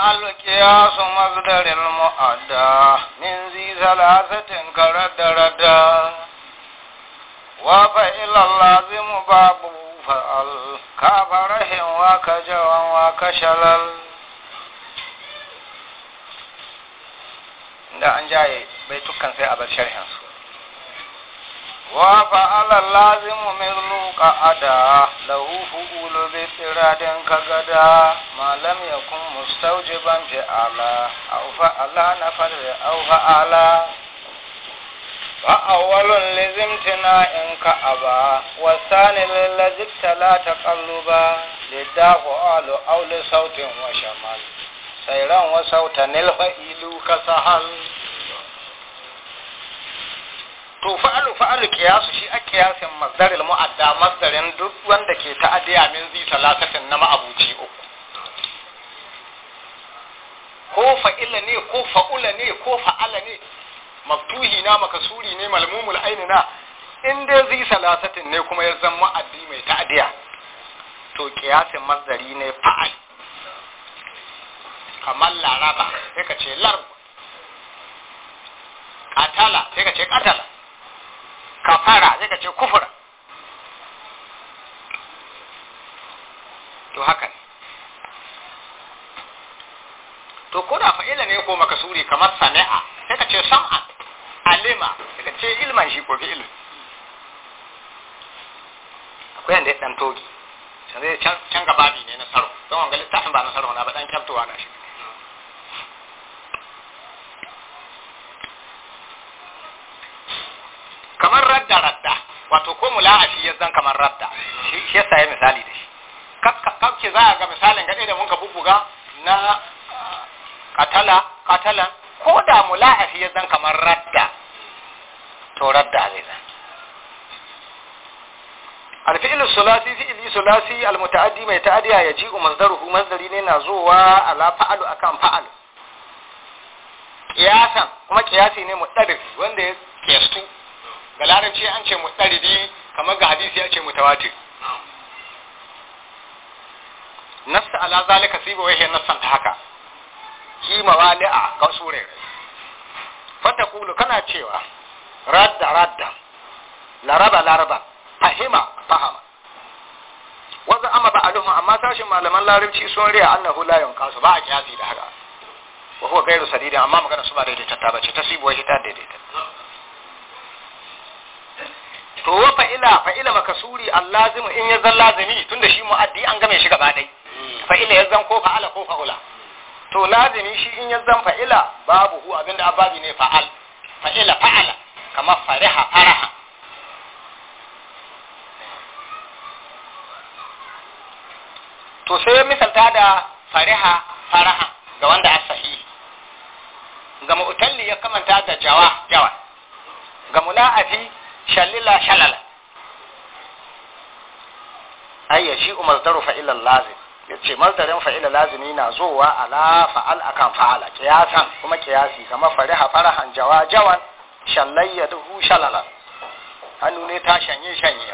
فالقياس مصدر المؤدى من ذي ثلاثة كرد ردا وفإلى اللازم باب فأل كفره وكجوا وكشلل da an jaye bai tukkan sai a bar sharhin su wa fa'ala lazimu min luqa ada lahu fu'ulu bi tiradin kagada malam lam yakun مستوجبا فعلا أو فعلا نفر أو فعلا فأول لزمتنا إنك أبا والثاني للذي ابتلى تقلبا للدافع أو لصوت وشمال سيرا وصوتا الفئيل كسهل to fa'alu fa'alu kiyasu shi a kiyasin masdaril mu'adda mazdarin duk wanda ke ta'addiya min zi talatatin na ma'abuci fa'ila ne ko fa'ula ne ko fa'ala ne maftuhi na makasuri ne malmumul aini na in dai zai salasatin ne kuma ya zama addi mai ta'adiya to kiyasin mazari ne fa'al kamar laraba sai ka ce larb katala sai ka ce katala kafara sai ka ce kufura to haka ne to ko da fa'ila ne ko makasuri kamar sami'a sai ka ce sam'a alima sai ka ce ilman shi ko fi'il akwai yanda ya dan togi zai can gaba bi ne na saro don wanga littafin ba na saro na ba dan kyaftowa na shi kamar radda radda wato ko mula'afi ya zan kamar radda shi yasa ya misali da shi kakke za a ga misalin gaɗe da mun ka bubuga na katala katala ko da mula'afi ya zan kamar radda to radda zai zan alfi'il sulasi fi'ili sulasi almutaaddi mai ta'adiya ya ji masdaruhu masdari ne na zuwa ala fa'alu akan fa'alu kiyasan kuma kiyasi ne mutadif wanda ya kiyastu ga larabci an ce muɗarifi kamar ga hadisi ya ce mutawatir nassa ala zalika sibo yake nassan ta haka fi mawali'a ga wasu rere fata kulu kana cewa radda radda laraba laraba fahima fahama wanzu amma ba aluhu amma sashin malaman larabci sun riya annahu la yunqasu ba a kiyasi da haka wa huwa ghairu sadidin amma magana su ba daidaita ta bace ta tasibu wa hita daidaita to wa fa'ila fa'ila makasuri allazimu in ya zan lazimi tunda shi mu'addi an game shi gaba dai hmm. fa'ila ya zan ko fa'ala ko fa'ula to lazimi shi in ya zan fa'ila babu hu abinda ababi ne fa'al fa'ila fa'ala kamar fariha faraha to sai ya misalta da fariha faraha ga wanda a sahi ga mu'talli ya kamanta da jawa jawa ga mula'afi shalila shalala ayyashi umar daru fa’ilan lazim yace masdarin fa'ila lazimi na zowa ala fa'al akan fa'ala qiyasan kuma qiyasi kamar fariha farahan jawa jawan shallayya duhu shalala hannu ne ta shanye shanye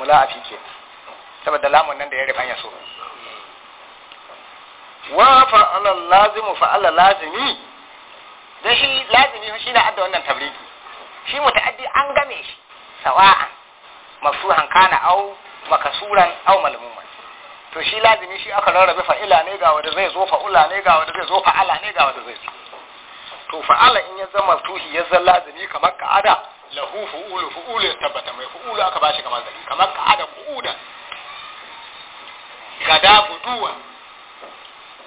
mula afi ke saboda lamun nan da ya rufanya so wa fa'ala lazimu fa'ala lazimi da shi lazimi shi na adda wannan tabriki shi muta'addi an game shi sawa'a mafsuhan kana au makasuran au malmuman to shi lazimi shi aka rarrabe fa'ila ne ga wanda zai zo fa'ula ne ga wanda zai zo fa'ala ne ga wanda zai zo to fa'ala in ya zama tuhi ya zan lazimi kamar ka'ada lahu fu'ulu fu'ulu ya tabbata mai fu'ulu aka bashi kamar zai kamar ka'ada ku'uda gada buduwa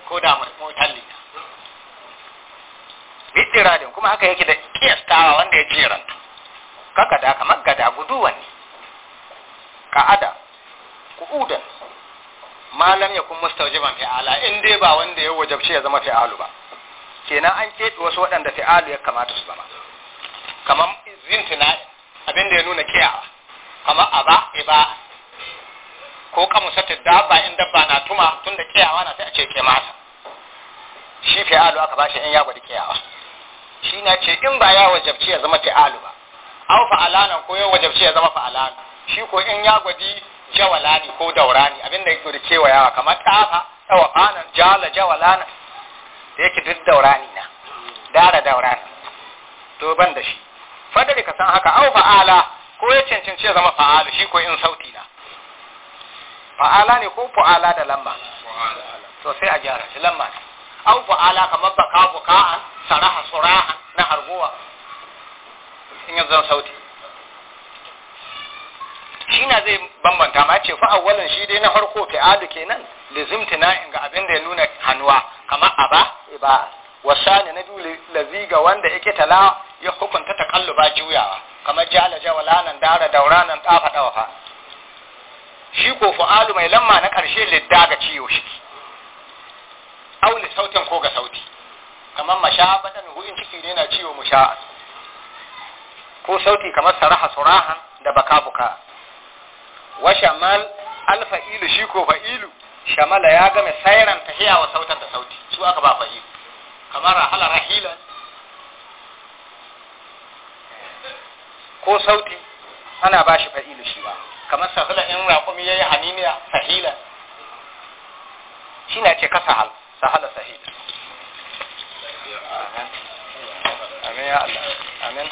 ko da mutalli bidiradin kuma haka yake da kiyastawa wanda ya jera kaka da kamar gada buduwa ne ka'ada ku'udan malam ya kun mustaujiban fi'ala in dai ba wanda ya wajabci ya zama fi'alu ba kenan an ce wasu waɗanda fi'alu ya kamata su zama kamar zintina abinda ya nuna kiyawa kamar a ba aba ba ko kamusata dabba in dabba na tuma tun da kiyawa na sai a ce ke masa shi fi'alu aka bashi in ya gwada kiyawa shi na ce in ba ya wajabci ya zama fi'alu ba an fa'alanan ko ya wajabci ya zama fa'alan shi ko in ya gwadi jawalani ko daurani abinda yake da cewa yawa kamar tafa tawafanan jala jawalana da yake duk daurani na dara daurani to ban da shi fadali ka san haka au fa'ala ko ya cancanci ya zama fa'ala, shi ko in sauti na fa'ala ne ko fa'ala da lamma to sai a gyara shi lamma ne au fa'ala kamar baka buka'an saraha suraha na harguwa in yanzu sauti shi zai bambanta ma ce fa'awwalan shi dai na farko fi'alu kenan in ga abin da ya nuna hannuwa kama aba iba wasani na biyu laziga wanda yake tala ya hukunta takalluba juyawa kamar jala jawalanan dara dauranan tafa dawafa shi ko fa'alu mai lamma na karshe lidda ga ciyo shi auli sautin ko ga sauti kamar mashabatan hu'in ciki ne na ciwo musha ko sauti kamar saraha surahan da baka buka wa shamal alfa'ilu shi ko fa'ilu shamala ya game sairan tahiya wa sautar da sauti su aka ba fa'ilu kamar rahala rahilan ko sauti ana ba shi fa'ilu shi ba kamar sahila in raƙumi ya yi haniniya sahila shi na ce ka sahal sahala sahila amin ya Allah amin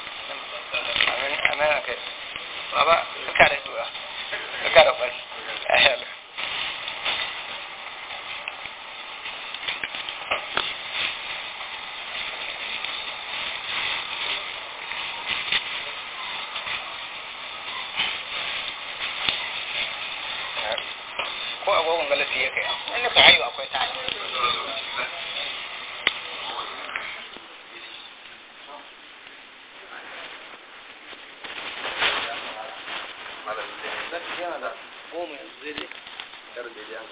yana da goma yanzu daidai